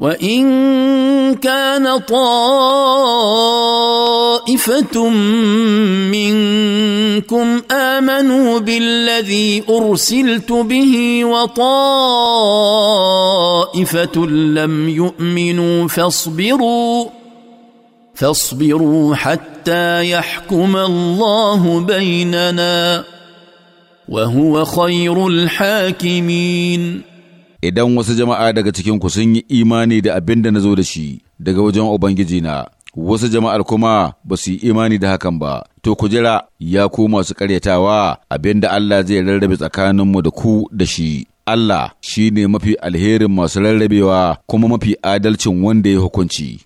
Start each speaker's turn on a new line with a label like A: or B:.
A: وان كان طائفه منكم امنوا بالذي ارسلت به وطائفه لم يؤمنوا فاصبروا فاصبروا حتى يحكم الله بيننا
B: وهو خير الحاكمين idan wasu jama'a daga cikinku sun yi imani da abin da na zo da shi daga wajen Ubangijina, wasu jama'ar kuma ba su yi imani da hakan ba, to ku jira ya ku masu karyatawa abin da Allah zai rarrabe tsakaninmu da ku da shi. Allah shi ne mafi alherin masu rarrabewa kuma mafi adalcin wanda ya hukunci.